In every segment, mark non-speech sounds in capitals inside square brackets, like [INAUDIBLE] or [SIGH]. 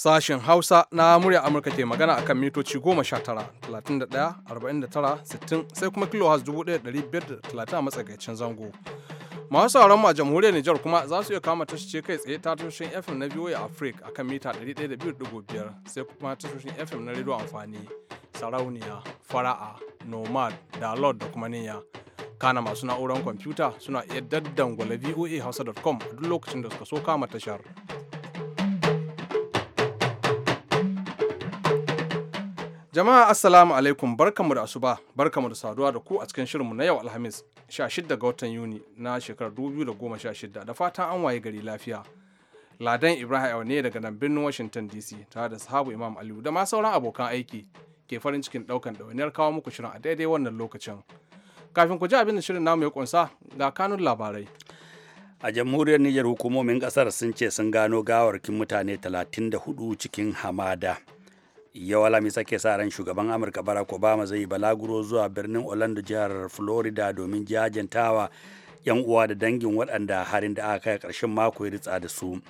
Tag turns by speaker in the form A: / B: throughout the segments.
A: Sashen Hausa na murya Amurka ke magana akan mitoci 19, 31, 49, 60 sai kuma kilohaz 1530 a matsakaicin zango. Masu sauran a jamhuriyar Nijar kuma za su iya kama ce kai tsaye ta tashoshin FM na VOA Africa akan mita 102.5 sai kuma tashoshin FM na rediyo amfani sarauniya, fara'a, nomad, download da kuma niyya. Kana masu na'urar kwamfuta suna iya daddan daddangwala hausa.com a duk lokacin da suka so kama tashar. Jama'a Assalamu alaikum barkamu da asuba barkamu da saduwa da ku a cikin shirinmu na yau Alhamis 16 ga watan Yuni na shekarar 2016 da fatan an waye gari lafiya. Ladan Ibrahim ne daga nan birnin Washington DC tare da sahabu Imam Aliyu da ma sauran abokan aiki ke farin cikin daukan ɗawainiyar kawo muku shirin a daidai wannan lokacin. Kafin ku ji abin da shirin namu ya kunsa ga kanun labarai. a jamhuriyar Nijar hukumomin ƙasar
B: sun ce sun gano gawarkin mutane 34 cikin hamada yau alhamis sake sa ran shugaban amurka barack obama zai yi balaguro zuwa birnin orlando jihar florida domin jajantawa yan uwa da dangin waɗanda harin da aka kai karshen mako ya ritsa da su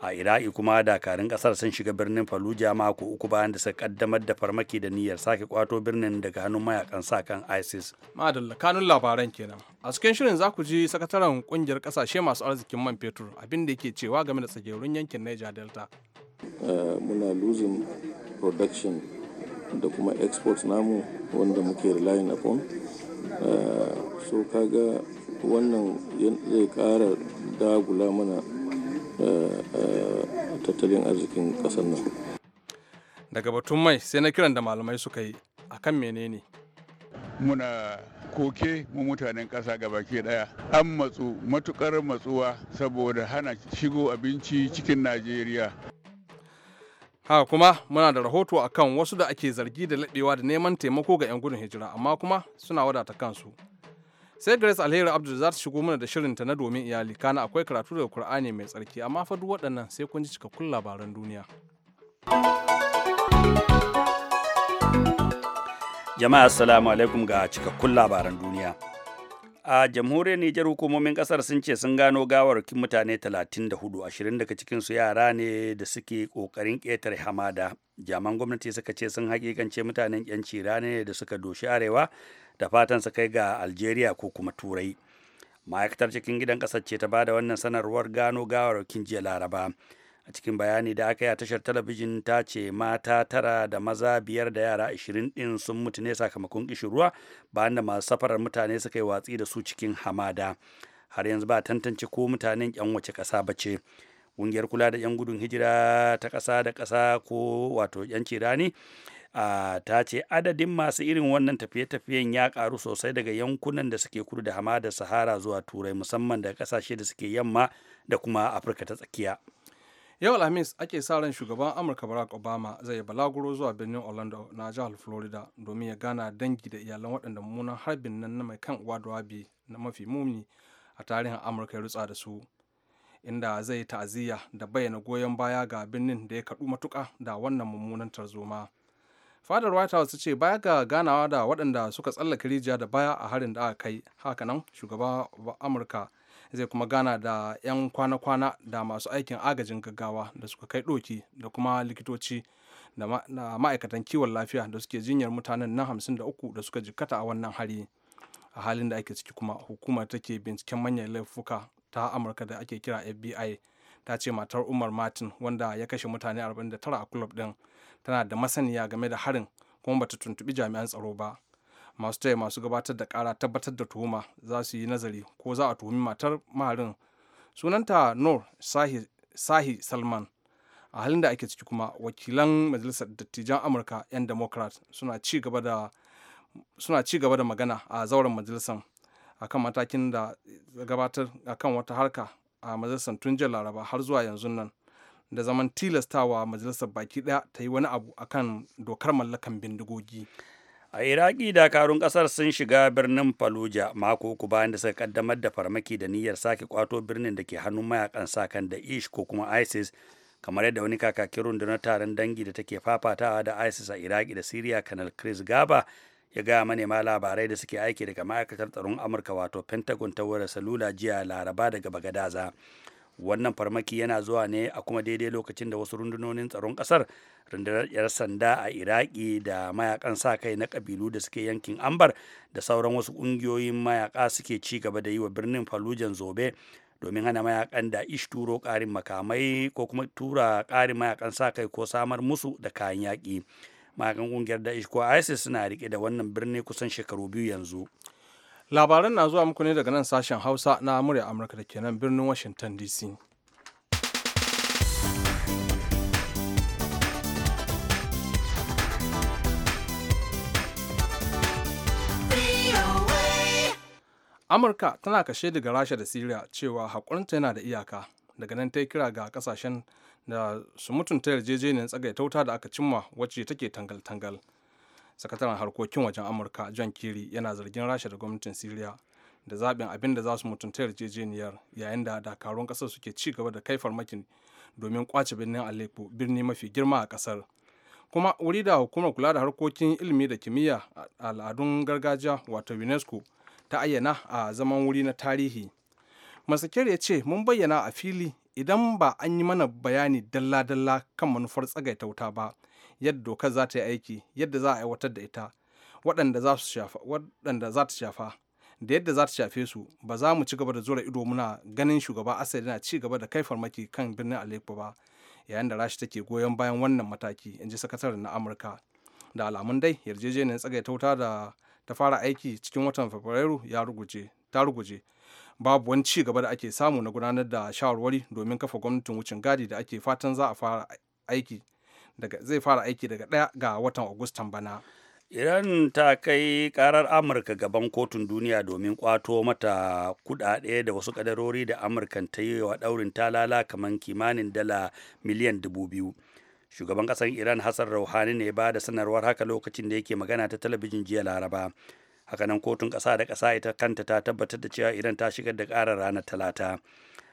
B: a iraki kuma dakarun ƙasar sun shiga birnin faluja mako uku bayan da suka kaddamar da farmaki da niyyar sake kwato birnin daga hannun mayakan sa kan isis
A: madalla kanun labaran kenan a cikin shirin za ku ji sakataren kungiyar kasashe masu arzikin man fetur abinda da yake cewa game da tsagerun yankin niger delta
C: eh, muna losing production da kuma exports namu wanda muke relying upon eh, so kaga wannan zai kara dagula mana eh, eh, tattalin arzikin ƙasar nan
A: daga batun mai sai na kiran da malamai suka yi a kan menene muna koke mu
D: mutanen ƙasa baki ɗaya an matsu matukar matsuwa saboda hana shigo
A: abinci cikin najeriya haka kuma muna da rahoto a kan wasu da ake zargi da laɓewa da neman taimako ga 'yan gudun hijira amma kuma suna wadata kansu sai grace alheri abdul za ta shigo mana da shirinta na domin iyali kana akwai karatu daga kur'ani mai tsarki amma fa duk waɗannan sai kun ji cikakkun labaran duniya
B: jama'a assalamu alaikum ga cikakkun labaran duniya a jamhuriyar Nijar hukumomin kasar sun ce sun gano gawarkin mutane 34 ashirin daga cikinsu yara ne da suke kokarin ƙetare hamada jaman gwamnati suka ce sun hakikance mutanen yanci rana ne da suka doshi arewa da fatan su kai ga algeria ko kuma turai ma'aikatar cikin gidan ƙasar ce ta bada wannan sanarwar gano gawarkin jiya laraba a cikin bayani da aka yi a tashar talabijin ta ce mata tara da maza biyar da yara ashirin ɗin sun mutu ne sakamakon kishirwa bayan da masu safarar mutane suka yi watsi da su cikin hamada har yanzu ba tantance ko mutanen yan wace kasa ba ce ƙungiyar kula da yan gudun hijira ta ƙasa da ƙasa ko wato yan cirani a ta ce adadin masu irin wannan tafiye-tafiyen ya ƙaru sosai daga yankunan da suke kudu da da sahara zuwa turai musamman daga kasashe da suke yamma da kuma afirka ta tsakiya
A: yau alhamis ake sa ran shugaban amurka barack obama zai yi balaguro zuwa birnin orlando na jihar florida domin ya gana dangi da iyalan waɗanda mummunan harbin nan na mai kan uwa da wabi na mafi muni a tarihin amurka ya rutsa da su inda zai ta'aziyya da bayyana goyon baya ga birnin da ya kaɗu matuka da wannan mummunan tarzoma. fadar white house ce baya ga ganawa da waɗanda suka tsallaka rijiya da baya a harin da aka kai hakanan shugaba amurka zai kuma gana da 'yan kwana-kwana da masu aikin agajin gaggawa da suka kai ɗoki da kuma likitoci da ma'aikatan kiwon lafiya da suke jinyar mutanen na 53 da da suka jikkata a wannan hari a halin da ake ciki kuma hukumar take binciken manyan laifuka ta amurka da ake kira fbi ta ce matar umar martin wanda ya kashe mutane 49 a club din tana da masaniya game da harin kuma bata tuntubi jami'an tsaro ba masu taya masu gabatar da kara tabbatar da tuhuma za su yi nazari ko za a tuhumi matar maharin sunanta nur sahi, salman a halin da ake ciki kuma wakilan majalisar dattijan amurka 'yan democrat suna ci gaba da magana a zauren majalisar akan matakin da gabatar akan wata harka a majalisar tun jiya laraba har zuwa yanzu nan da zaman tilastawa majalisar baki daya ta yi wani abu akan dokar mallakan bindigogi. a iraki dakarun kasar sun shiga birnin fallujah mako
B: uku bayan da suka kaddamar da farmaki da niyyar sake kwato birnin da ke hannun mayakan sakan da ish ko kuma isis kamar yadda wani kakakin rundunar taron dangi da take fafatawa da isis a iraki da syria kanal chris gaba ya gaya manema labarai da suke aiki daga ma'aikatar tsaron amurka wato pentagon ta wurin salula jiya laraba daga bagadaza wannan farmaki yana zuwa ne a kuma daidai lokacin da wasu rundunonin tsaron kasar rundunar 'yar sanda a iraki da mayakan sa kai na kabilu da suke yankin ambar da sauran wasu ƙungiyoyin mayaka suke ci gaba da yi wa birnin falujan zobe domin hana mayakan da ish turo ƙarin makamai ko kuma tura ƙarin mayakan sa kai ko samar musu da kayan yaƙi mayakan ƙungiyar da ish ko isis suna riƙe da wannan birni kusan shekaru biyu yanzu
A: labaran na zuwa muku ne daga nan sashen hausa na murya amurka da kenan birnin washington dc amurka tana kashe daga rasha da Syria cewa haƙurinta yana da iyaka daga nan ta yi kira ga kasashen da su mutunta yarjejeniyar tsagaitauta da aka cimma wacce take tangal-tangal sakataren harkokin wajen amurka john Kiri yana zargin rasha da gwamnatin Siriya da zaɓin abin da za su mutunta yarjejeniyar yayin da dakarun ƙasar suke ci gaba da kai farmakin domin kwace birnin aleppo birni mafi girma a ƙasar kuma wuri da hukumar kula da harkokin ilimi da kimiyya al'adun gargajiya wato unesco ta ayyana a zaman wuri na tarihi masakir ya ce mun bayyana a fili idan ba an yi mana bayani dalla-dalla kan manufar tsagaita wuta ba yadda dokar za ta yi aiki yadda za a aiwatar da ita waɗanda za ta shafa da yadda za ta shafe su ba za mu ci gaba da zura ido muna ganin shugaba asali na ci gaba da kai farmaki kan birnin aleppo ba yayin da rashi take goyon bayan wannan mataki in ji sakataren na amurka da alamun dai yarjejeniyar tsagaita wuta da ta fara aiki cikin watan fabrairu ya ruguje ta ruguje babu wani ci gaba da ake samu na gudanar da shawarwari domin kafa gwamnatin wucin gadi da ake fatan za a fara aiki zai fara aiki daga ɗaya ga watan agustan bana
B: Iran ta kai karar Amurka gaban kotun duniya domin kwato mata kudade da wasu kadarori da Amurka ta yi wa daurin talala kamar kimanin dala miliyan dubu biyu. Shugaban ƙasar Iran Hassan Rouhani ne ba da sanarwar haka lokacin da yake magana ta talabijin jiya Laraba. Hakanan kotun ƙasa da ƙasa ita kanta ta tabbatar da cewa Iran ta shigar da ƙarar ranar Talata.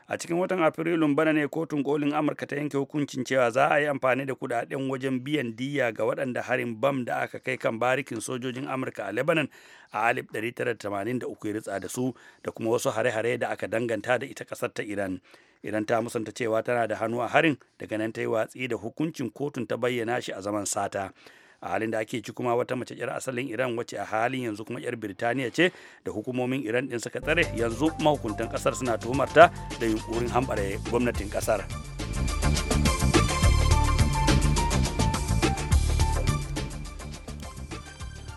B: a cikin watan afrilun bana ne kotun kolin amurka ta yanke hukuncin cewa za a yi amfani da kudaden wajen biyan diya ga waɗanda harin bam da aka kai kan barikin sojojin amurka a lebanon a 1983 ya ritsa da su da kuma wasu hare-hare da aka danganta da ita ƙasar ta iran idan ta musanta cewa tana da hannu a harin daga nan ta yi watsi da hukuncin kotun ta bayyana shi a zaman sata a halin da ake ci kuma wata mace yar asalin iran wacce a halin yanzu kuma yar birtaniya ce da hukumomin iran din suka tsare yanzu mahukuntan kasar suna tuhumarta da yunkurin hambare gwamnatin kasar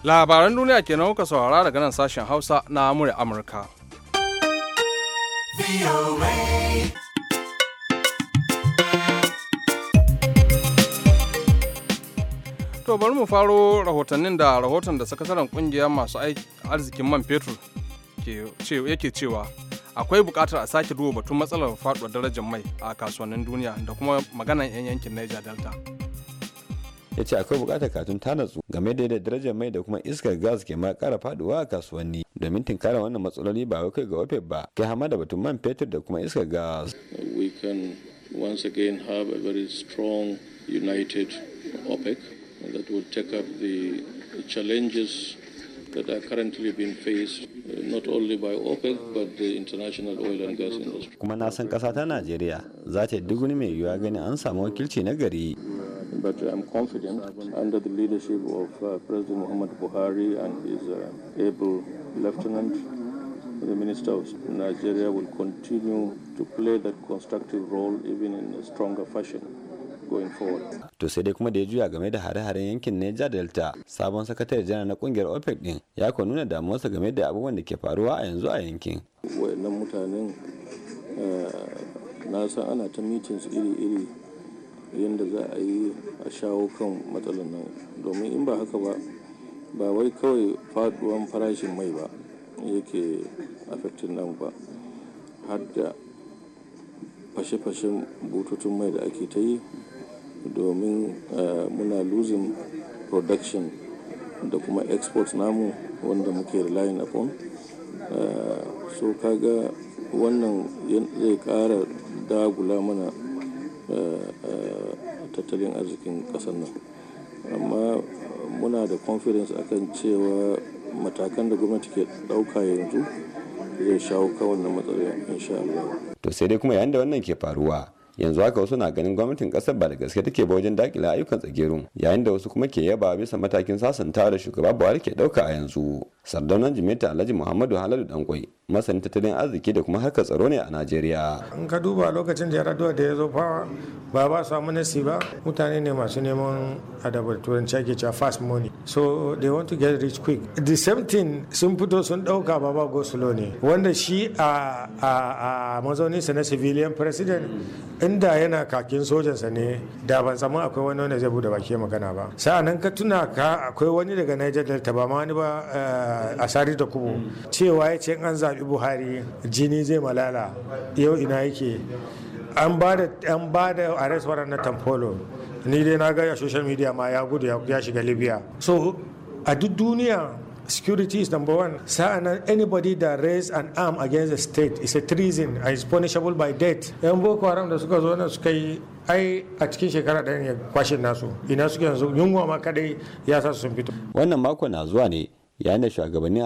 A: labaran duniya ke kenan kuka saurara daga nan sashen hausa na amurka amurka To bari mu faro rahotannin da rahoton da sakataren kungiyar masu arzikin man fetur yake cewa akwai bukatar a sake duba batun matsalar faduwar darajar mai a kasuwannin duniya da kuma maganan 'yan yankin Niger Delta.
E: ya ce akwai bukatar katun ta natsu game da yadda darajar mai da kuma iskar gas ke ma kara faduwa a kasuwanni domin tinkara wannan matsaloli ba wai kai ga opec ba kai hama da batun man fetur da kuma iskar gas
C: we can once again have a very strong united opec that will take up the challenges that are currently being faced uh, not only by OPEC but the international oil and gas industry.
E: Kuma na san ƙasa ta Najeriya za ta duk wani
C: mai yiwuwa gani an samu wakilci na gari. But I'm confident under the leadership of uh, President Muhammad Buhari and his uh, able lieutenant the Minister of Nigeria will continue to play that constructive role even in a stronger fashion. going
E: To sai dai kuma da ya juya game da hare-haren yankin Niger Delta, sabon sakatare janar na kungiyar OPEC din ya kuwa nuna damuwarsa game da abubuwan da ke faruwa a yanzu a yankin.
C: Wayannan mutanen eh, na san ana ta meetings iri-iri yadda za a yi a shawo kan matsalar nan domin in ba haka ba ba wai kawai faduwan farashin mai ba yake affecting nan ba har da fashe-fashen bututun mai da ake ta yi domin eh, muna losing production da kuma export namu wanda muke relying upon eh, so kaga wannan zai kara dagula mana eh, tattalin arzikin kasar nan amma muna da confidence akan cewa matakan da gwamnati ke ɗauka yanzu zai shawo kan na matsalar insha Allah.
E: To sai dai kuma yayin da wannan ke faruwa yanzu haka wasu na ganin gwamnatin kasar ba da gaske take ba wajen dakile ayyukan tsagerun yayin da wasu kuma ke yaba bisa matakin sasantawa da shugaba buhari ke dauka a yanzu sardaunan jimita alhaji muhammadu haladu dankwai masanin tattalin arziki da kuma harkar tsaro ne a najeriya
F: in ka duba lokacin da raduwa da ya zo fawa ba ba su amnesty ba mutane ne masu neman adabar turanci ake cewa fast money so they want to get rich quick the same thing sun fito sun dauka baba go slow ne wanda shi a a na civilian president inda yana kakin sojansa ne da ban samu akwai wani wanda zai bude baki magana ba sa'annan ka tuna ka akwai wani daga Niger Delta ba ma wani ba eh, a da kubo cewa ya ce an zaɓi buhari jini zai malala yau ina yake an ba da an ba da arrest warrant na tampolo ni dai na ga social media ma ya gudu ya shiga libya so a duk duniya security is number one sa'an anybody that raise an arm against the state is a treason and is punishable by death yan boko haram da suka zo nan suka yi ai a cikin shekara ɗaya ne kwashe nasu ina suke yanzu yunwa ma kadai ya sa sun fito
E: wannan mako na zuwa ne yayin da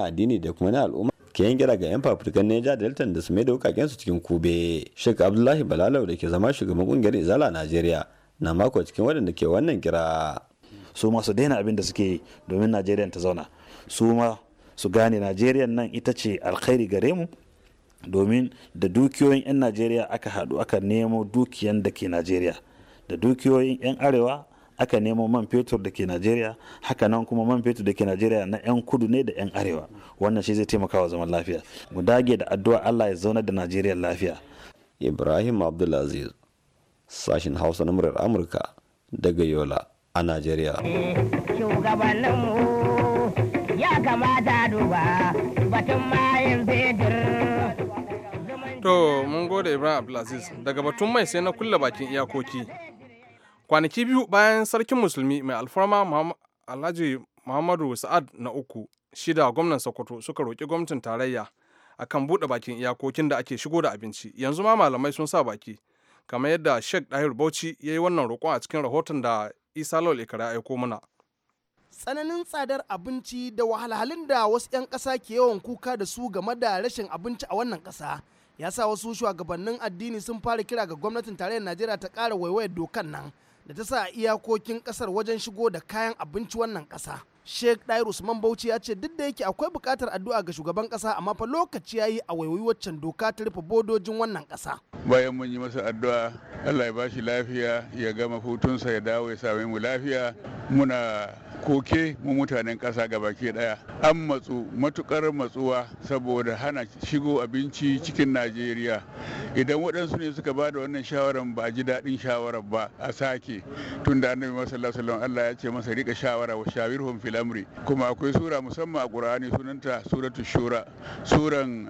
E: a addini da kuma na al'umma ke yin kira ga 'yan fafutukan Neja Delta da su maida da wukaken su cikin kube. Sheikh Abdullahi Balalau da ke zama shugaban kungiyar Izala a Najeriya na mako cikin waɗanda ke wannan kira. Su ma su daina abin da suke yi domin Najeriya ta zauna. Su ma su gane Najeriya nan ita ce alkhairi gare mu domin da dukiyoyin 'yan Najeriya aka haɗu aka nemo dukiyan da ke Najeriya da dukiyoyin 'yan Arewa aka nemo man fetur da ke najeriya haka nan kuma man fetur da ke najeriya na 'yan kudu ne da 'yan arewa wannan shi zai taimaka wa zaman lafiya mu dage da addu'a allah ya zauna da najeriya lafiya ibrahim abdulaziz sashin hausa na murar amurka daga yola a najeriya
A: To mun gode Ibrahim Abdulaziz daga batun mai sai na kulle bakin iyakoki kwanaki biyu bayan sarkin musulmi mai alfarma alhaji muhammadu sa'ad na uku shida gwamnan sokoto suka roƙi gwamnatin tarayya akan buɗe bakin iyakokin da ake shigo da abinci yanzu ma malamai sun sa baki kamar yadda sheikh dahir bauchi ya yi wannan roƙon a cikin rahoton da isa lawal ikara aiko mana
G: tsananin tsadar abinci da wahalhalun da wasu 'yan ƙasa ke yawan kuka da su game da rashin abinci a wannan ƙasa ya sa wasu shugabannin addini sun fara kira ga gwamnatin tarayyar najeriya ta ƙara waiwayar dokan nan da ta sa iyakokin kasar wajen shigo da kayan abinci wannan kasa. Sheikh Dairu Usman Bauchi ya ce duk da yake akwai bukatar addu'a ga shugaban ƙasa amma fa lokaci ya yi a waiwayi waccan doka ta rufe bodojin wannan ƙasa.
D: Bayan mun yi masa addu'a Allah ya bashi lafiya ya gama hutunsa ya dawo ya same mu lafiya muna koke mu mutanen ƙasa gabaki ɗaya an matsu matukar matsuwa saboda hana shigo abinci cikin najeriya idan waɗansu ne suka bada wannan shawarar ba ji daɗin shawarar ba a sake tun da annabi masallallahu alaihi Allah ya ce masa rika shawara wa shawirhum fil amri kuma akwai sura musamman a Qur'ani sunanta suratu shura suran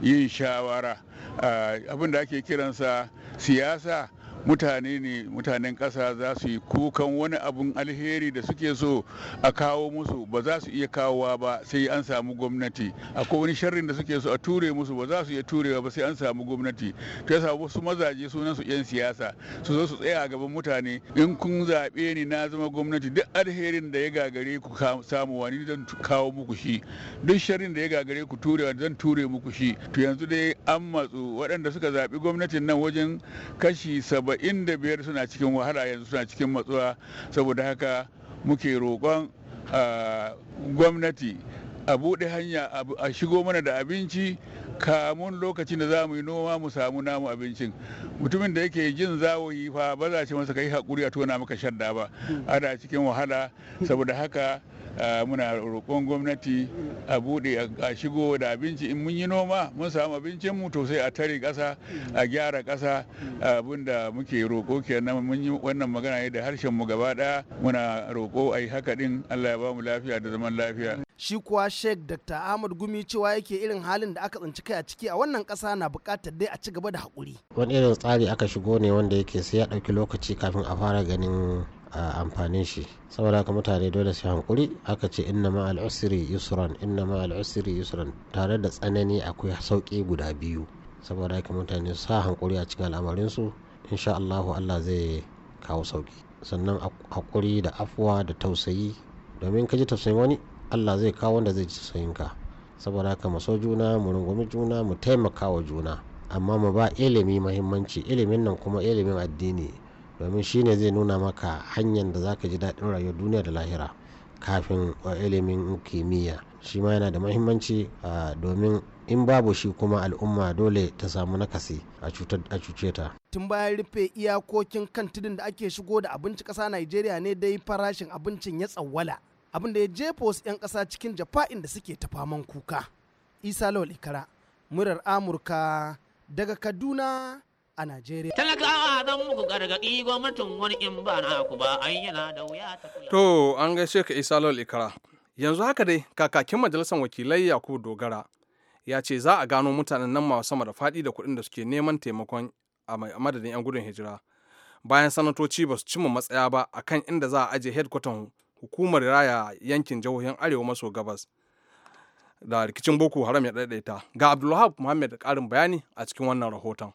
D: yin shawara ah, abin da ake kiransa siyasa mutane ne mutanen ƙasa za su yi kukan wani abun alheri da suke so a kawo musu ba za su iya kawowa ba sai an samu gwamnati akwai wani sharrin da suke so a ture musu ba za su iya turewa ba sai an samu gwamnati to yasa wasu mazaje sunan su yan siyasa su zo su tsaya a gaban mutane in kun zaɓe ni na zama gwamnati duk alherin da ya gagare ku samu wani zan kawo muku shi duk sharrin da ya gagare ku turewa zan ture muku shi to yanzu dai an matsu waɗanda suka zaɓi gwamnatin nan wajen kashi saba'in arba'in da biyar suna cikin wahala yanzu suna cikin matsuwa saboda haka muke roƙon ah, gwamnati a buɗe hanya a shigo mana da abinci kamun lokacin da za mu yi noma mu samu namu abincin mutumin da yake jin zawoyi fa ba za ce masa kai haƙuri a tona maka shadda ba ana cikin wahala saboda haka Eh, muna roƙon gwamnati a buɗe a shigo da abinci in mun yi noma mun samu abincin mu to sai a tare ƙasa a gyara ƙasa abinda muke roƙo kenan mun yi wannan magana ne da harshen mu gaba daya muna roƙo a haka ɗin Allah ya ba lafiya da zaman lafiya.
G: Shi kuwa Sheikh Dr. Ahmad Gumi cewa yake irin halin da aka tsinci kai a ciki a wannan ƙasa na buƙatar dai a ci gaba da haƙuri.
E: Wani irin tsari aka shigo ne wanda yake sai ya ɗauki lokaci kafin a fara ganin a amfanin shi saboda haka mutane dole su hankuri aka ce inna ma al'usri yusran inna ma al'usri yusran tare da tsanani akwai sauƙi guda biyu saboda haka mutane su sa hankuri a cikin al'amarin su insha Allahu Allah zai kawo sauki sannan hakuri da afwa da tausayi domin ka ji tausayin wani Allah zai kawo wanda zai ji tausayin ka saboda haka mu so juna mu rungumi juna mu taimaka wa juna amma mu ba ilimi mahimmanci ilimin nan kuma ilimin addini domin shine zai nuna maka hanyar da zaka ji daɗin rayuwar duniya da lahira kafin uh, ilimin kimiyya shi ma yana da mahimmanci uh, domin in babu shi kuma al'umma dole ta samu nakasi a cuce ta.
G: Tun bayan rufe iyakokin kan tudun da ake shigo da abinci ƙasa Najeriya ne dai farashin abincin ya tsawwala. Abin da ya jefa wasu 'yan ƙasa cikin jafa'in da suke ta faman kuka. Isa Lawal Ikara, murar Amurka daga Kaduna a Najeriya. Talakawa
H: zan muku gargaɗi gwamnatin wani in ba na ku ba an yana da wuya
A: To an gaishe ka Isa Lawal Ikara. Yanzu haka dai kakakin majalisar wakilai Yakubu Dogara ya ce za a gano mutanen nan masu sama da faɗi da kuɗin da suke neman taimakon a madadin 'yan gudun hijira. Bayan sanatoci ba su cimma matsaya ba a kan inda za a ajiye hedkwatan hukumar raya yankin jihohin arewa maso gabas. da rikicin boko haram ya ɗaiɗaita, ga abdulwahab muhammad ƙarin bayani a cikin wannan rahoton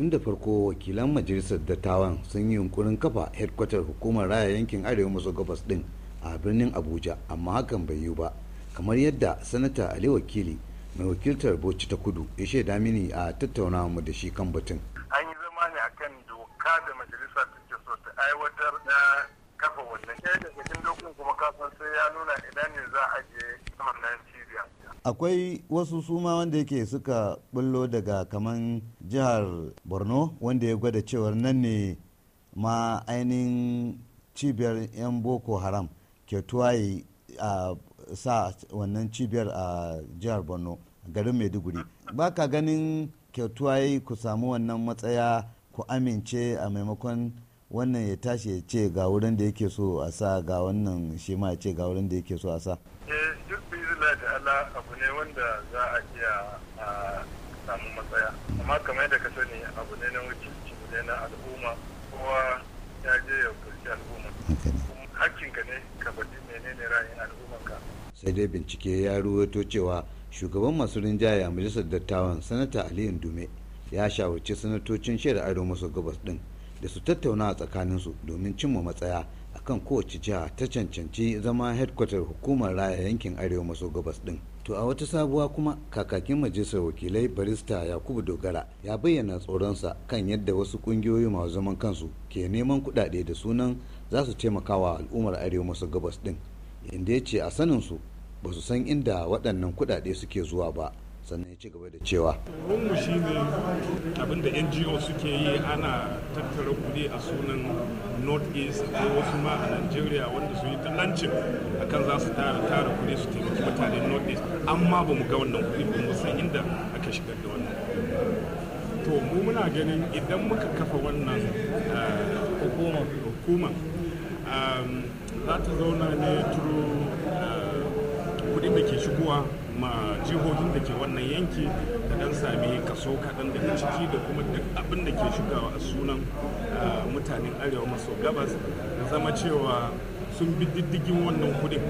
I: tun da farko wakilan majalisar dattawan sun yi yunkurin kafa hedkwatar hukumar raya yankin arewa maso gabas din a birnin abuja amma hakan bai yiwu ba kamar yadda sanata ali wakili mai wakiltar bauchi ta kudu ya shaida mini a tattaunawa mu da shi kan batun an yi zama ne akan
F: doka da majalisa ke so ta aiwatar na kafa wannan ɗaya daga cikin dokin kuma kasan sai ya nuna ina ne za a je
I: ci akwai wasu suma wanda yake suka bullo daga kaman jihar borno wanda ya gwada cewar nan ne ma ainihin cibiyar 'yan boko haram ke tuwaye a sa wannan cibiyar a jihar borno garin maiduguri ba ka ganin kyautuwaye ku samu wannan matsaya ku amince a maimakon wannan ya tashi ya ce ga wurin da yake so a sa ga wannan shi ma ya ce ga wurin da yake so a sa
F: eh, ala abu ne wanda za a iya a samu matsaya amma kamar yadda ka sani abu ne na wuce ne na al'umma
D: kowa ya je ya kulci al'umma hakkinka ne ka faɗi menene ra'ayin al'ummanka
I: sai dai bincike ya ruwaito cewa shugaban masu rinjaye a majalisar dattawan sanata aliyu dume ya shawarci sanatocin arewa maso gabas din da su tattauna a tsakaninsu domin cimma matsaya kan kowace jiha ta cancanci zama headquarter hukumar raya yankin arewa maso gabas din to a wata sabuwa kuma kakakin majalisar wakilai barista yakubu dogara ya bayyana tsoronsa kan yadda wasu kungiyoyi masu zaman kansu ke neman kudade da sunan za su taimaka wa al'ummar arewa maso gabas din inda ya ce a saninsu ba su san inda waɗannan kudade suke zuwa ba sannan ya ci gaba da cewa
D: mu shi ne abinda ngo suke yi ana tattara kuɗi a sunan north east ko wasu ma a najeriya wanda su yi a kan za su tara tara kuɗi su taimaki mutane north east amma ba mu ga wannan kuɗi ba mu san inda aka shigar da wannan to mu muna ganin idan muka kafa wannan eh, hukuma ehm, za ta zauna ne turu eh, kudin da ke shigowa ma jihohin da ke wannan yanki da dan sami kaso kaɗan daga ciki da kuma duk abin da ke shigawa a sunan mutanen arewa maso gabas da zama cewa sun bi diddigin wannan kudin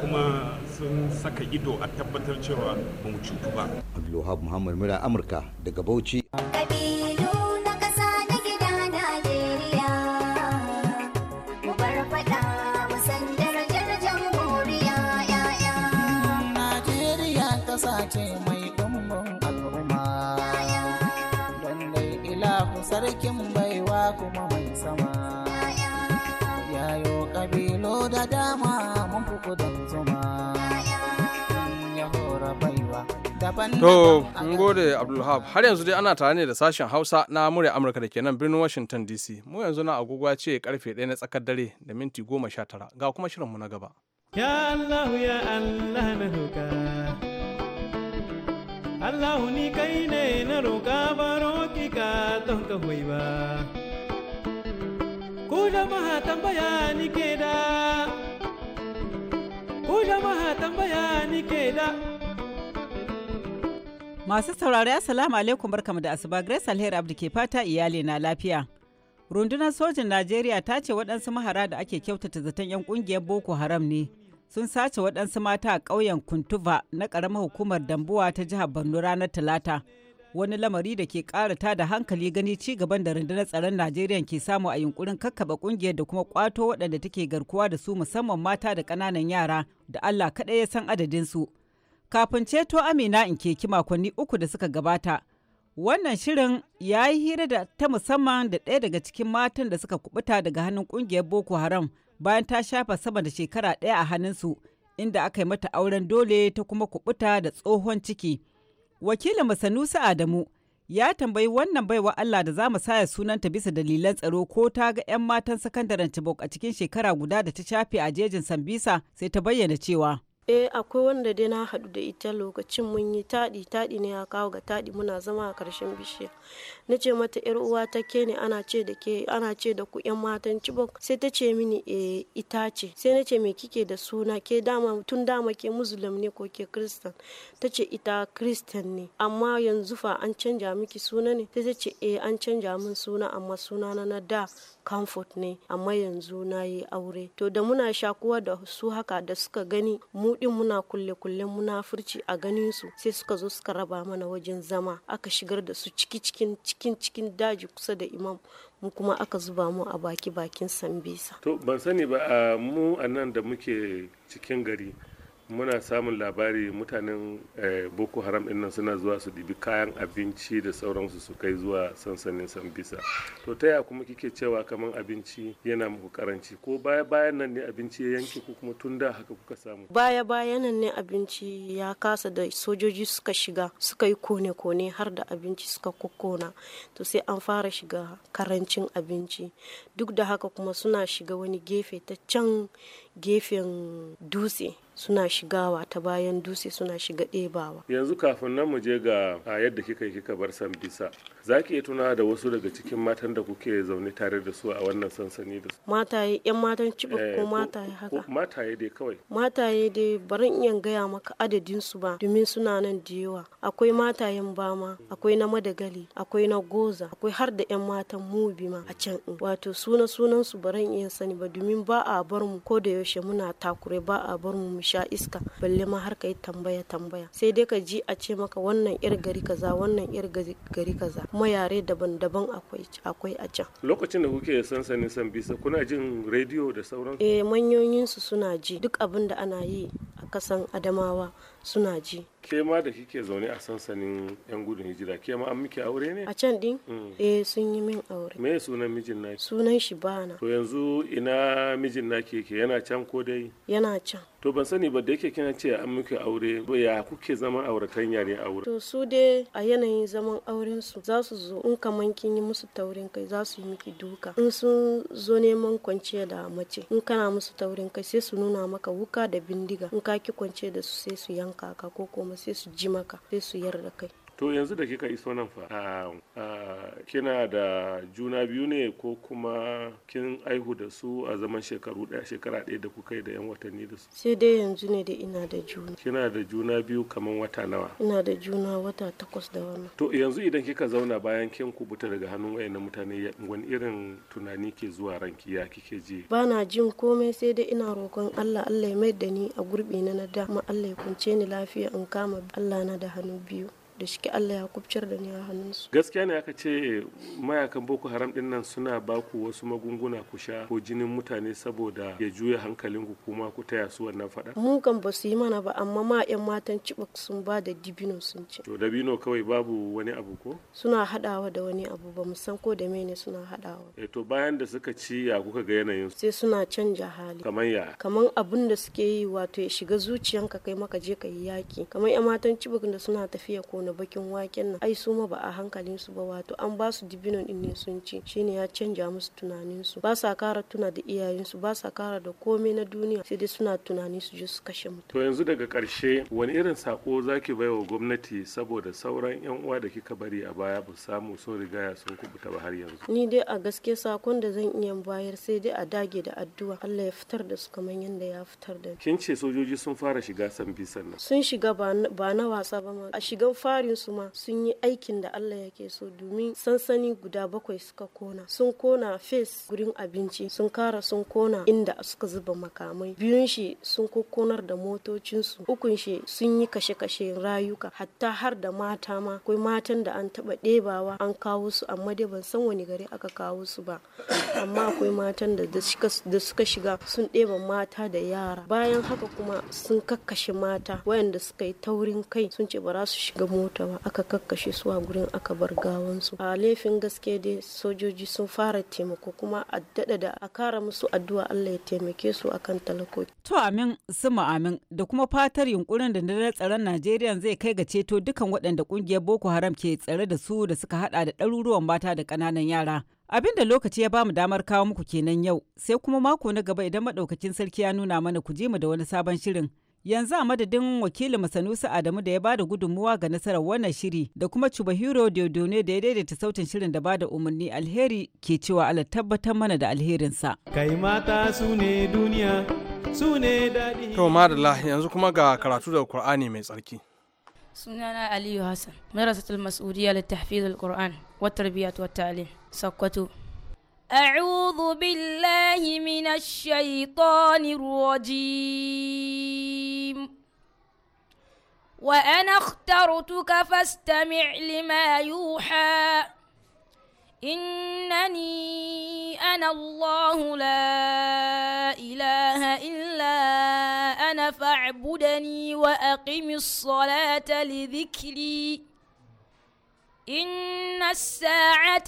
D: kuma sun saka ido a tabbatar cewa ba mu cutu
I: ba. Abdullahi Muhammad Mura Amurka daga Bauchi.
J: sarkin baiwa kuma mai sama yayo kabilo da dama mun fi da zuma ya hora baiwa To,
A: mun gode Abdulhab. Har yanzu dai ana tare ne da sashen Hausa na murya Amurka da kenan birnin Washington DC. Mu yanzu na agogwa ce karfe ɗaya na tsakar dare da minti goma sha tara. Ga kuma shirin mu na gaba. Ya
C: Allah, ya Allah na hukar. Allah ni
E: kai ne na roƙa baro ki ka don ka hoyi ba.
J: Ku jama'a tambaya ni ke da, ku jama'a tambaya ni ke da. Masu saurari Assalamu alaikum barkamu da asuba Grace Alheri Abdi ke fata iyali na lafiya. Rundunar sojin Najeriya ta ce waɗansu mahara da ake kyautata zaton 'yan ƙungiyar Boko Haram ne. sun sace waɗansu mata a ƙauyen kuntuva na ƙaramar hukumar dambuwa ta jihar borno ranar talata wani lamari da ke ƙara ta da hankali gani ci gaban da rundunar tsaron najeriya ke samu a yunkurin kakkaɓe ƙungiyar da kuma ƙwato waɗanda take garkuwa da su musamman mata da ƙananan yara da allah kaɗai ya san adadinsu kafin ceto amina in keki makonni uku da suka gabata wannan shirin ya yi hira ta musamman da ɗaya daga cikin matan da suka kubuta daga hannun ƙungiyar boko haram bayan ta shafa sama da shekara ɗaya a hannunsu inda aka yi mata auren dole ta kuma kubuta da tsohon ciki. Wakilin Masanusa Adamu ya tambayi wannan baiwa Allah da za mu saya sunanta bisa dalilan tsaro ko ta ga 'yan matan sakandaren Chibok a cikin shekara guda da ta shafe a jejin Sambisa sai ta bayyana cewa.
H: Eh akwai wanda dai na haɗu da ita lokacin mun yi taɗi, taɗi ne a kawo ga taɗi muna zama a ƙarshen bishiya. Na ce mata ‘yar uwa ta ke ne ana ce da ke ana ce da ku ‘yan matan cibok Sai ta ce mini eh ita ce. Sai na ce me kike da suna ke dama tun dama ke musulum ne ko ke kristan Ta ce ita kristan ne amma yanzu fa an canja miki suna ne? Sai ta ce eh an canja min suna amma suna na da comfort ne amma yanzu na yi aure to da muna sha shakuwa da su haka da suka gani mu din muna kulle kulle muna furci a ganin su sai suka zo suka raba mana wajen zama aka shigar da su ciki cikin cikin cikin daji kusa da imam mu kuma aka zuba mu a baki bakin sambisa
K: to ban sani ba mu a nan da muke cikin gari muna samun labari mutanen eh, boko haram dinnan suna zuwa su ɗibi kayan abinci da sauransu su kai zuwa sansanin bisa to ta ya kuma kike cewa kamar abinci yana muku karanci ko baya bayan nan ne abinci ya yanke ko kuma tun da haka kuka samu
H: baya bayan nan ne abinci ya kasa da sojoji suka shiga suka yi kone kone har da abinci suka kokona to sai an fara shiga karancin abinci duk da haka kuma suna shiga wani gefe ta can gefen dutse suna shigawa ta bayan dutse suna shiga ɗebawa.
K: Yanzu kafin nan mu je ga a yadda kika kika bar san bisa. Za ki tuna da wasu daga cikin matan da kuke zaune tare da su a wannan sansani da su.
H: Mataye yan matan cibi eh, ko mataye haka.
K: Mataye dai kawai.
H: Mataye dai barin iya gaya maka adadin su ba domin suna nan da yawa. Akwai matayen bama, akwai na madagali, akwai na goza, akwai har da yan matan mubi ma a can. Wato suna sunan su barin iya sani ba domin ba a bar mu ko da yaushe muna takure ba a bar mu sha iska balle ma har ka yi tambaya tambaya sai dai ka ji a ce maka wannan ir gari kaza wannan ir gari kaza kuma yare daban-daban akwai a can
K: lokacin da kuke sansanin san bisa kuna jin rediyo da sauran eh
H: manyoyin su suna ji duk abin da ana yi a kasan adamawa suna ji
K: ke ma da kike zaune a sansanin yan gudun hijira ke ma an miki aure ne a can din mm. eh
H: sun yi min aure
K: me sunan mijin naki sunan shi bana to yanzu ina mijin naki ke yana can ko dai yana can to ban sani ba da yake kina ce an miki aure ya kuke zaman auratan yare aure to
H: su dai a yanayin zaman auren su za su zo in kaman kin yi musu taurin kai za su yi miki duka in sun zo neman kwanciya da mace in kana musu taurin kai sai su nuna maka wuka da bindiga in ka ki kwance da su sai su yanka kaka ko kuma sai su ji maka sai su yarda kai
K: to yanzu da kika iso nan fa a kina da juna biyu ne ko kuma kin aihu da su a zaman shekaru ɗaya shekara ɗaya da kuka yi da yan watanni da su
H: sai dai yanzu ne da ina da juna
K: kina da juna biyu kamar wata nawa
H: ina da juna wata takwas da wannan
K: to yanzu idan kika zauna bayan kin kubuta daga hannun na mutane wani irin tunani ke zuwa ranki ya kike ji na
H: jin komai sai dai ina roƙon Allah Allah ya mai da ni a gurbi na na da ma Allah ya kunce ni lafiya in kama Allah na da hannu biyu da shi Allah ya kubciyar da ni a hannunsu.
K: Gaskiya ne aka ce mayakan Boko Haram din nan suna baku wasu magunguna ku sha ko jinin mutane saboda ya juya hankalin ku kuma ku taya su wannan faɗa. Mu
H: kan ba su yi mana ba amma ma 'yan matan cibak sun ba da dibino sun ce. To
K: dabino kawai babu wani abu ko?
H: Suna haɗawa da wani abu ba mu san ko da mene suna haɗawa.
K: E to bayan da suka ci ya kuka ga yanayin su.
H: Sai suna canja hali. Kamar ya? Kamar abin da suke yi wato ya shiga zuciyanka kai maka je ka yi yaƙi. Kamar 'yan matan Chibok da suna tafiya ko na bakin waken nan ai su ma ba a hankalin su ba wato an ba su dibinon din ne sun ci shine ya canja musu tunanin su ba sa kara tuna da iyayen su ba sa kara da komai na duniya sai dai suna tunanin su je su kashe mutum
K: to yanzu daga karshe wani irin sako zaki baiwa gwamnati saboda sauran yan uwa da kika bari a baya ba samu sun rigaya sun kubuta ba har yanzu
H: ni dai a gaske sakon da zan iya bayar sai dai a dage da addu'a Allah ya fitar da su kamar yadda ya fitar da
K: kin ce sojoji sun fara shiga san bisan nan sun
H: shiga ba na wasa ba ma a shigan fara farin su ma sun yi aikin da Allah yake so domin sansani guda bakwai suka kona sun kona fes gurin abinci sun kara sun kona inda suka zuba makamai biyun shi sun kokonar da motocinsu ukun shi sun yi kashe-kashe rayuka hatta har da mata ma akwai matan da an taba ɗebawa an kawo su amma dai ban san wani gari aka kawo su ba [COUGHS] amma akwai matan da da suka shiga sun ɗeba mata da yara bayan haka kuma sun kakkashe mata wayanda suka yi taurin kai sun ce ba za su shiga mota mota ba aka kakkashe su a gurin aka bar gawansu a laifin gaske dai sojoji sun fara taimako kuma a daɗa da a kara musu addu'a Allah ya taimake su akan talakoki. To amin suma
J: amin da kuma fatar yunkurin da na tsaron Najeriya zai kai ga ceto dukan waɗanda ƙungiyar Boko Haram ke tsare da su da suka hada da ɗaruruwan mata da ƙananan yara. Abin da lokaci ya bamu damar kawo muku kenan yau, sai kuma mako na gaba idan maɗaukacin sarki ya nuna mana ku je mu da wani sabon shirin. Yanzu a madadin wakilin masanusa Adamu da ya ba da gudunmuwa ga nasarar wannan shiri da kuma cuba Diodone da ya daidaita sautin shirin da ba da umarni alheri ke cewa Allah tabbatar mana da alherinsa.
A: Kai mata su ne duniya, su ne daɗi. To madalla yanzu kuma ga karatu da Kur'ani mai tsarki.
L: sunana aliyu hassan madrasatul mas'udiyya littahfiz alquran wa tarbiyat wa ta'lim sakkwato أعوذ بالله من الشيطان الرجيم وأنا اخترتك فاستمع لما يوحى إنني أنا الله لا إله إلا أنا فاعبدني وأقم الصلاة لذكري الساعة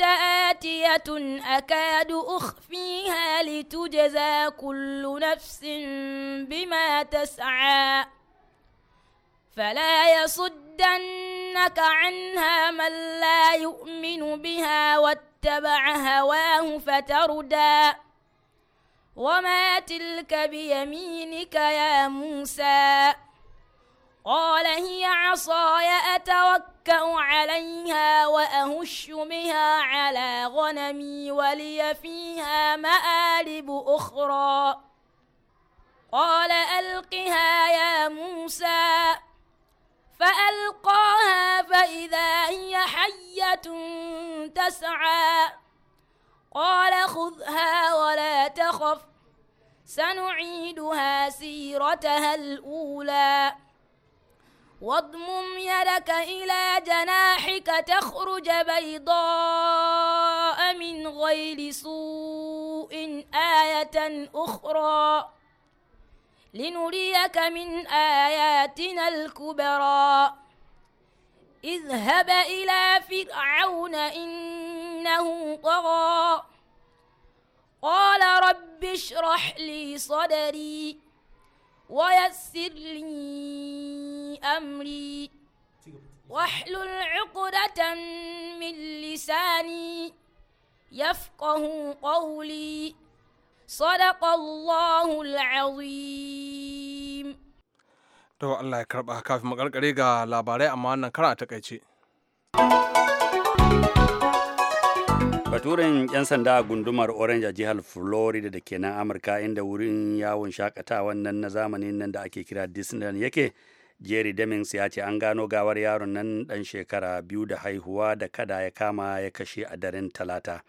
L: آتية أكاد أخفيها لتجزى كل نفس بما تسعى فلا يصدنك عنها من لا يؤمن بها واتبع هواه فتردى وما تلك بيمينك يا موسى قال هي عصاي أتوكأ عليها وأهش بها على غنمي ولي فيها مآرب أخرى قال ألقها يا موسى فألقاها فإذا هي حية تسعى قال خذها ولا تخف سنعيدها سيرتها الأولى واضمم يدك إلى جناحك تخرج بيضاء من غير سوء آية أخرى لنريك من آياتنا الكبرى اذهب إلى فرعون إنه طغى قال رب اشرح لي صدري ويسر لي أمري واحلل عقدة من لساني يفقه قولي صدق الله العظيم
A: to Allah ya karba kafin makarkare ga labarai amma wannan kara takaice.
B: baturin 'yan sanda a gundumar orange a jihar florida da kenan amurka inda wurin yawon shakata wannan na zamanin nan da ake kira disneyland yake jerry demings ya ce an gano gawar yaron nan dan shekara biyu da haihuwa da kada ya kama ya kashe a daren talata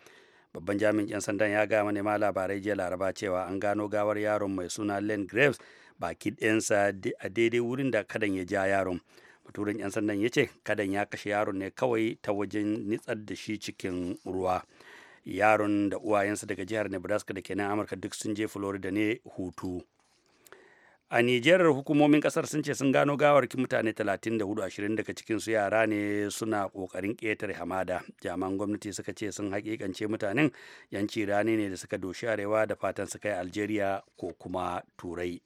B: babban jami'in 'yan sandan ya gaya manema labarai jiya laraba cewa an gano gawar yaron mai suna len graves baki ɗinsa a daidai wurin da kadan ya ja yaron baturin 'yan sandan ya ce kadan ya kashe yaron ne kawai ta wajen nitsar da shi cikin ruwa yaron da uwayensa daga jihar nebraska da ke nan amurka duk sun je florida ne hutu a nijerar hukumomin kasar sun ce sun gano gawar mutane 34 ashirin daga cikinsu yara ne suna kokarin ƙetare hamada jaman gwamnati suka ce sun hakikance mutanen yanci rani ne da suka doshi arewa da fatan su kai algeria ko kuma turai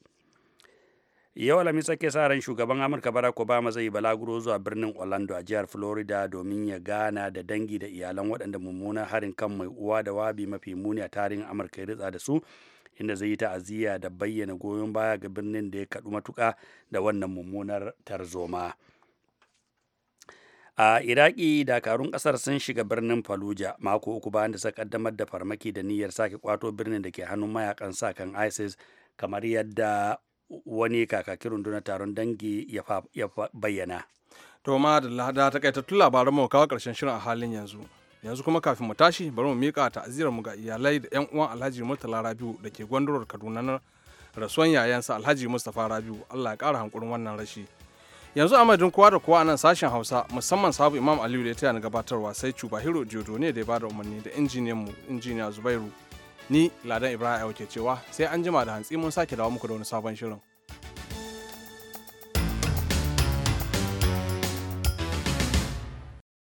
B: yau alhamis sa ran shugaban amurka barack obama zai yi balaguro zuwa birnin orlando a jihar florida domin ya gana da dangi da iyalan waɗanda mummunan harin kan mai uwa da wabi mafi muni a tarihin amurka ya ritsa da su inda zai yi ta'aziyya da bayyana goyon baya ga birnin da ya kaɗu matuka da wannan mummunar tarzoma a iraki dakarun kasar sun shiga birnin faluja mako uku bayan da suka kaddamar da farmaki da niyyar sake kwato birnin da ke hannun mayakan sa kan isis kamar yadda wani kakakin rundunar taron dangi ya bayyana
A: to ma da lada ta kai ta labaran mu kawo karshen shirin a halin yanzu yanzu kuma kafin mu tashi bari mu mika ta'aziyar mu ga iyalai da yan uwan Alhaji Murtala Rabiu da ke gwandurar Kaduna na rasuwan yayansa Alhaji Mustapha Rabiu Allah ya kara hankurin wannan rashi yanzu a kowa da kowa a nan sashen Hausa musamman sabu Imam Aliyu da ya taya ni gabatarwa sai Cuba Hiro Jodo ne da ya bada umarni da injiniyan mu injiniya Zubairu ni ladan ibrahim ke cewa sai an jima da hantsi mun sake dawo muku da wani sabon shirin